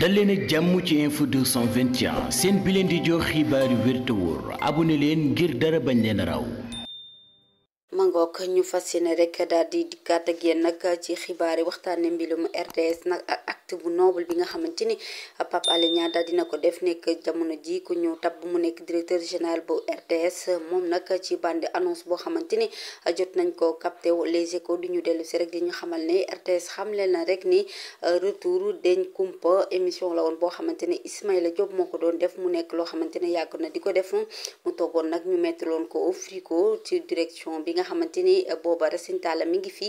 dal leen ak jàmm ci info 221 seen bi leen di jox xibaaru yu wér te leen ngir dara bañ leen raw mangook ñu fas yéene rek daal di dikkaat ak yéen nag ci xibaar yi waxtaanee mbirum RTS nag ak acte bu noble bi nga xamante ni Pape Alé Niang daal dina ko def nekk jamono ji ku ñu tab mu nekk directeur général bu RTS moom nag ci bande annonce boo xamante ni jot nañ ko capté les échos du ñu dellu si rek di ñu xamal ne RTS xamle na rek ni euh, retour den kumpa émission la woon boo xamante ne la Diop moo ko doon def mu nekk loo xamante ne yàgg na di ko def mu toogoon nag ñu mettre loon xamante ni eh, booba Racine Talla mi ngi fi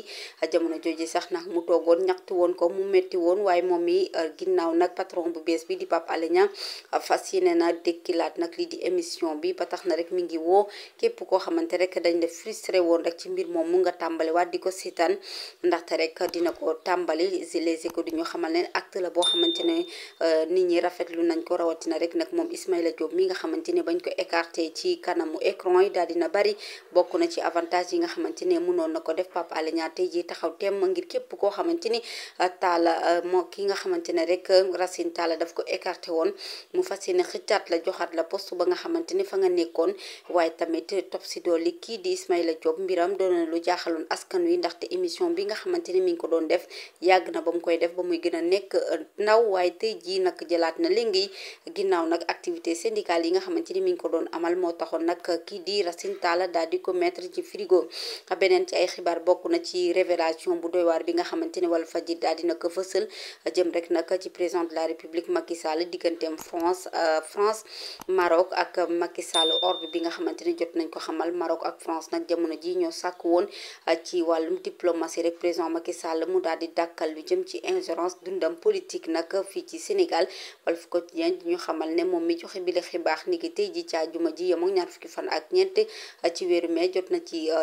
jamono jooju sax na mu toogoon ñaxtu woon ko mu metti woon waaye moom mi eh, ginnaaw nag patron bu bees bi di Pape Alé fas eh, fas yéene na laat nag lii di bi ba tax na rek mi ngi woo képp koo xamante rek dañ def frustré woon rek ci mbir moom mu nga tàmbali waat di ko seetaan ndaxte rek dina ko tàmbali les échos di ñu xamal ne acte la boo xamante ne nit ñi rafetlu nañ ko rawatina rek nag moom Ismaïla Diop mi nga xamante ne bañ ko écarté ci kanamu écran yi daal dina bari bokk na ci avantage message yi nga xamante ne mënoon na ko def Pape Alé Niang tey jii taxaw temm ngir euh, euh, ne rek euh, Racine Talla daf ko écarté woon mu fas yéene xëccaat la joxaat la poste ba nga xamante ni fa nga nekkoon waaye tamit top si doole kii di Ismaïla Diop mbiram doon na lu jaaxaloon askan wi ndaxte émission bi nga xamante ni mi ngi ko doon def yàgg na ba mu koy def ba muy gën a nekk ndaw waaye tey jii nag jëlaat na léegi ginnaaw nag activité syndicale yi nga xamante ni mi ngi ko doon amal moo taxoon nag kii di Racine Talla daal di ko mettre ci frigo Togo beneen ci ay xibaar bokk na ci révélation bu doy waar bi nga xamante ne Walf Fadjri daal dina ko fësal jëm rek nag ci président de la République Macky Sall France euh, France ak Macky ordre bi nga xamante ni jot nañ ko xamal Maroc ak France nag jamono ji ñoo sàkk woon euh, ci wàllum diplomatie rek président Macky Sall mu daal di dàkkal lu jëm ci ingérence dundam politique nag fii ci Sénégal Walf Quotidien di ñu xamal ne moom mi joxe bi la xibaar ni ki tey ji ca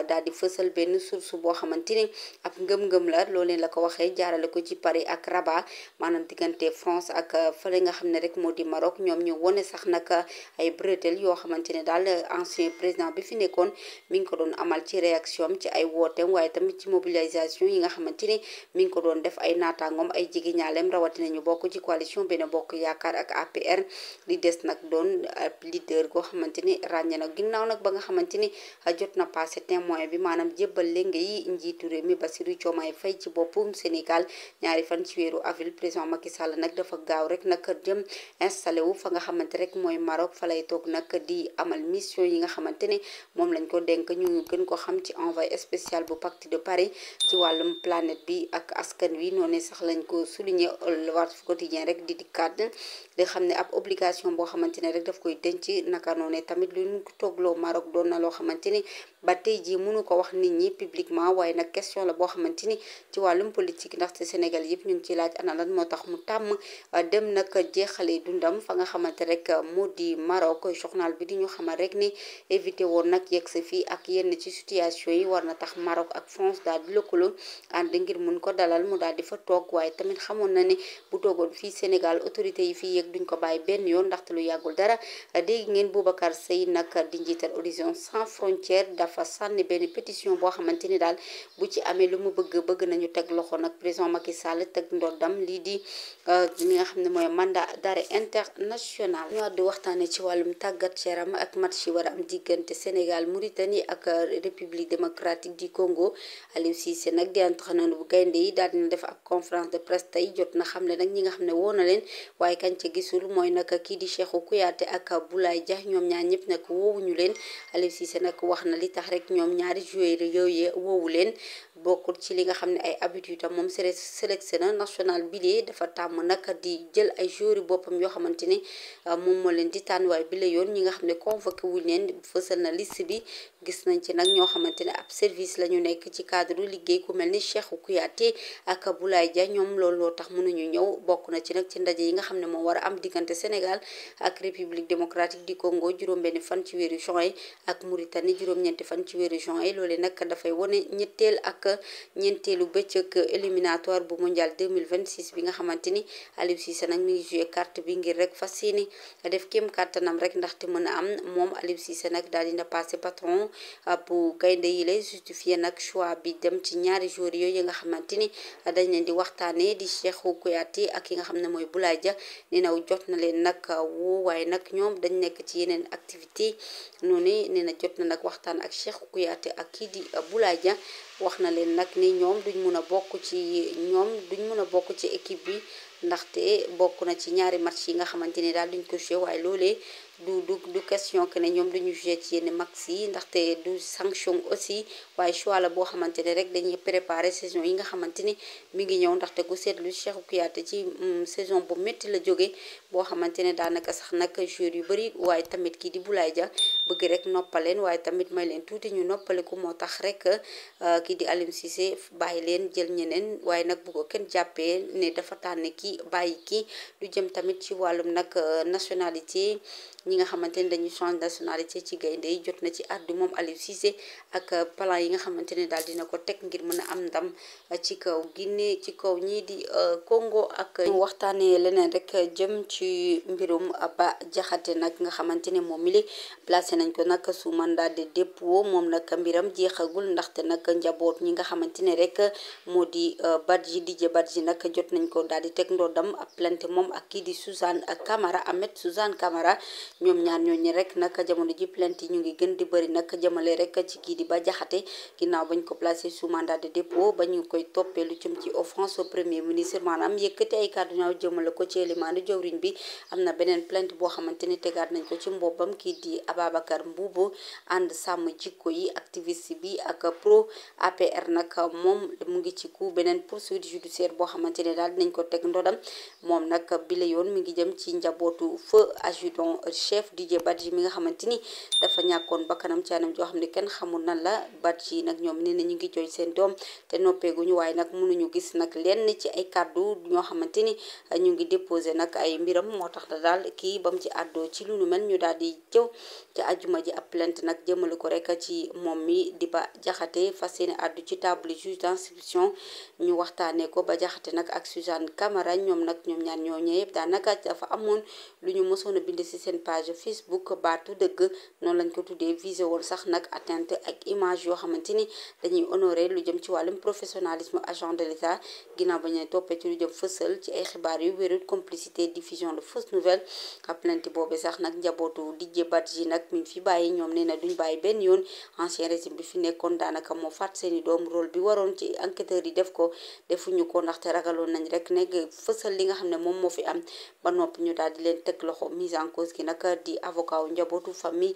daal di fësal benn source boo xamante ni ab ngëm-ngëm la loolee la ko waxee jaarale ko ci Paris ak Rabat maanaam diggante France ak euh, fële nga xam ne rek moo di Maroc ñoom ñu wone sax nag euh, ay bretelles yoo xamante ne daal euh, ancien président bi fi nekkoon mi ngi ko doon amal ci réaction ci ay wooteem waaye tamit ci mobilisation yi nga xamante ni mi ngi ko doon def ay naataangoom ay jigi ñaaleem rawatina ñu bokk ci coalition benn bokk yaakaar ak APR li des nag doon leader goo xamante ni na ginnaaw nag ba nga xamante ni jot na passé témoin témoin bi maanaam jébbal lenge yi njiitu réew mi Bassirou Diomaye Faye ci boppum Sénégal ñaari fan ci weeru avril président Macky nag dafa gaaw rek nag dem installé wu fa nga xamante rek mooy Maroc fa lay toog nag di amal mission yi nga xamante ne moom lañ ko dénk ñu gën ko xam ci envoyé spécial bu pacte de Paris ci wàllum planète bi ak askan wi noonu sax lañ ko souligner Le Walf Quotidien rek di dikkaat di xam ne ab obligation boo xamante ne rek ba tey jii mënu ko wax nit ñi publiquement waaye nag question la boo xamante ni ci wàllum politique ndaxte Sénégal yëpp ñu ngi ciy laaj ana moo tax mu tàmm euh, dem nag jeexale dundam fa nga xamante rek euh, moo di Maroc journal bi di ñu xamal rek ni éviter woon nag yegg sa fii ak yenn ci situation yi war na tax Maroc ak France daal di lëkkaloo ànd ngir mun ko dalal mu daal di fa toog waaye tamit xamoon na ne bu toogoon fii Sénégal autorité yi fii yegg duñ ko bàyyi benn yoon ndaxte lu yàggul dara dégg ngeen Boubacar Seye nag di njiital Horizon dafa sànni benn pétition boo xamante ni daal bu ci amee lu mu bëgg bëgg nañu teg loxo nag président Macky Sall teg ndoddam lii di euh, li nga xam ne mooy mandat d'arrêt international. ñu àddu waxtaanee ci wàllum tàggat yaram ak match yi war am diggante Sénégal Mauritanie ak euh, République démocratique di Congo Aliou Cissé nag di entraîneur bu gaynde yi daal dina def ak conférence de presse tey jot na xam ne nag ñi nga xam ne woo na leen waaye kañ ca gisul mooy nag kii di Cheikhou Kouyaté ak Boulaye ndax ñoom ñaari joueurs yooyu woowu leen bokkul ci li nga xam ne ay habitude moom na national bi dafa tàmm nag di jël ay joueurs boppam yoo xamante ne moom moo leen di tànn waaye bi la yoon ñi nga xam ne convoqué wuñ leen fësal na liste bi gis nañ ci nag ñoo xamante ne ab service la ñu nekk ci cadre liggéey ku mel ni Cheikhou Kouyaté ak Boulaye Dia ñoom loo tax mënuñu ñëw bokk na ci nag ci ndaje yi nga xam ne moo war a am diggante Sénégal ak République démocratique du Congo juróom-benn fan ci weeru juin ak Mauritanie juróom-ñeenti fan ci weeru juin loolee nag dafay wane ñetteel ak ñeenteelu bëccëg éliminatoire bu mondial 2026 bi nga xamante ni Aliou Cissé nag mi ngi bi ngir rek fas yéene def kéem kàttanam rek ndaxte mën a am moom Aliou Cissé nag daal dina passé patron bu gaynde yi lay justifié nag choix bi dem ci ñaari joueurs yooyu nga xamante ni dañ leen di waxtaanee di Cheikhou Kouyaté ak yi nga xam ne mooy Boulaye ja nee na jot na leen nag woo waaye nag ñoom dañ nekk ci yeneen activité noonu nee na jot na nag waxtaan ak Cheikhou Kouyaté ak kii di Boulaye Dia wax na leen nag ni ñoom duñ mun a bokk ci ñoom duñ mën a bokk ci équipe bi ndaxte bokk na ci ñaari match yi nga xamante ni daal duñ ko joué waaye loolee du du du question que ne ñoom duñu jugé ci yenn max yi ndaxte du sanction aussi waaye choix boo xamante ne rek dañuy préparer saison yi nga xamante ni mi ngi ñëw ndaxte ku seetlu Cheikhou Kouyaté ci mm, saison bu métti la jóge boo xamante ne daanaka sax nag joueur yu bëri waaye tamit kii di bulaay Dia bëgg rek noppaleen waaye tamit may leen tuuti ñu noppaliku moo tax rek euh, kii di Aliou Cissé bàyyi leen jël ñeneen waaye nag bu kenn jàppee ne dafa tànn kii bàyyi kii lu jëm tamit ci wàllum nag euh, nationalité ñi nga xamante ne dañuy change nationalité ci gaynde yi jot na ci àddu moom Aliou Cissé ak plan yi nga xamante ne daal dina ko teg ngir mën a am ndam ci kaw Guinée ci kaw ñii di euh, Congo ak waxtaanee leneen rek jëm ci mbirum Bah Diakhaté nag nga xamante ne moom li placé nañ ko nag su mandat de dépôt moom nag mbiram jeexagul ndaxte nag njaboot ñi nga xamante ne rek moo di euh, Badji Didier Badji nag jot nañ ko daal di teg ndoodam ab plainte moom ak kii di Suzanne Camara Ahmed Suzanne kamara ñoom ñaar ñooñu rek nag jamono ji plainte yi ñu ngi gën di bëri nag jëmale rek ci kii di Bah Diakhaté ginnaaw bañ ko placé sous mandat de dépôt ba ñu koy toppee lu jëm ci offense au premier ministre maanaam yëkkati ay kàddu ñaaw jëmale ko ci élément di jawriñ bi am na beneen plainte boo xamante ni tegaat nañ ko ci mboppam kii di Ababacar Mbuubu ànd sàmm jikko yi activiste bi ak pro APR nag moom mu ngi ci ku beneen poursuite judiciaire boo xamante ne daal dinañ ko teg ndodam moom nag bi yoon mi ngi jëm ci njabootu feu adjudant chef Didier Badji mi nga xamante ni dafa ñàkkoon bakkanam ci anam joo xam ne kenn xamul nan la Badji nag ñoom nee na ñu ngi jooy seen doom te noppeeguñu waaye nag mënuñu gis nag lenn ci ay kàddu ñoo xamante ni ñu ngi déposé nag ay mbiram moo tax daal kii ba mu ci àddoo ci lu nu mel ñu daal di jëw ci ajuma ji ab plainte nag jëmale ko rek ci moom mi di ba jaxate fas yéene àddu ci table juge d'instruction ñu waxtaanee ko ba jaxate nag ak Suzanne Camara ñoom nag ñoom ñaar ñoo ñëw daanaka dafa amoon lu ñu mosoon bind si seen page Facebook baatu dëgg noonu lañ ko tuddee visé woon sax nag atteinte ak image yoo xamante ni dañuy honoré lu jëm ci wàllum professionnalisme agent de l'État ginnaaw ba ñu toppee ci lu jëm fësal ci ay xibaar yu wérul complicité diffusion de fausses nouvelles ab plainte boobu sax nag njabootu Didier Badji nag mi fi bàyyi ñoom nee na duñ bàyyi benn yoon ancien régime bi fi nekkoon daanaka moo faat seeni doom rôle bi waroon ci enquêteurs yi def ko defuñu ko ndaxte ragaloon nañ rek nekk fësal nga xam ne moom moo fi am nag di avocat wu njabootu famille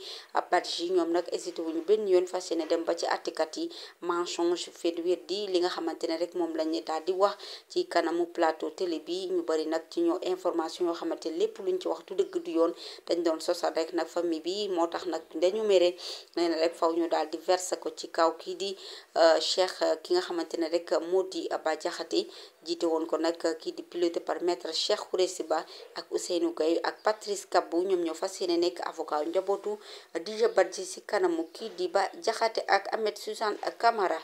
yi ñoom nag hésité wuñu benn yoon fas yéene dem ba ci attikat yi mensonge fait weddi li nga xamante ne rek moom lañ daal di wax ci kanamu plateau télé bi ñu bari nag ci ñu information yoo xamante ne lépp ñu ci wax du dëgg du yoon dañ doon sosal rek nag famille bi moo tax nag dañu mere nee na rek faw ñu daal di verse ko ci kaw kii di euh, Cheikh ki nga xamante ne rek moo di Bah Diakhaté jiite woon ko nag kii di piloté par maître Cheikh Khoureyssi Ba ak Ousseynou Gueye ak Patrice Kabou ñoom ñoo fas yéene nekk avocat njabootu Dj Badji si kanamu kii di ba Diakhaté ak Ahmed ak Camara